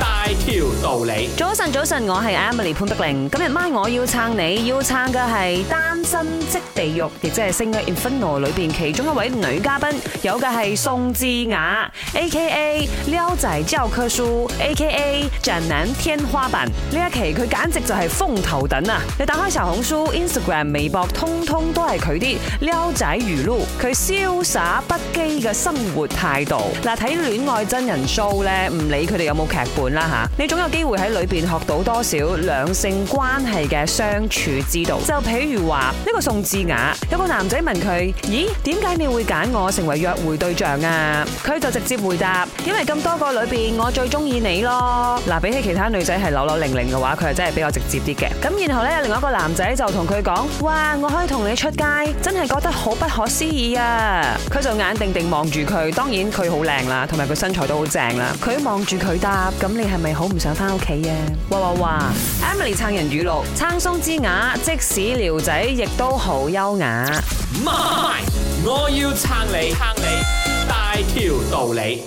大條道理。早晨早晨，我係 Emily 潘碧玲。今日晚我要撐你，要撐嘅係單身即地獄，亦即係《Single's Inferno》裏邊其中一位女嘉賓，有嘅係宋智雅，A K A 撩仔教科書，A K A 宅男天花板。呢一期佢簡直就係風頭等啊！你打開小紅書、Instagram、微博，通通都係佢啲撩仔語錄，佢瀟灑不羈嘅生活態度。嗱，睇戀愛真人 show 咧，唔理佢哋有冇劇本。啦吓，你總有機會喺裏邊學到多少兩性關係嘅相處之道。就譬如話呢個宋智雅有個男仔問佢：，咦，點解你會揀我成為約會對象啊？佢就直接回答：，因為咁多個裏邊，我最中意你咯。嗱，比起其他女仔係扭扭零零嘅話，佢係真係比較直接啲嘅。咁然後呢，有另外一個男仔就同佢講：，哇，我可以同你出街，真係覺得好不可思議啊！佢就眼定定望住佢，當然佢好靚啦，同埋佢身材都好正啦。佢望住佢答咁。你係咪好唔想返屋企啊？哇哇哇！Emily 撐人語錄，撐松之雅，即使撩仔亦都好優雅。唔係，我要撐你，撐你大條道理。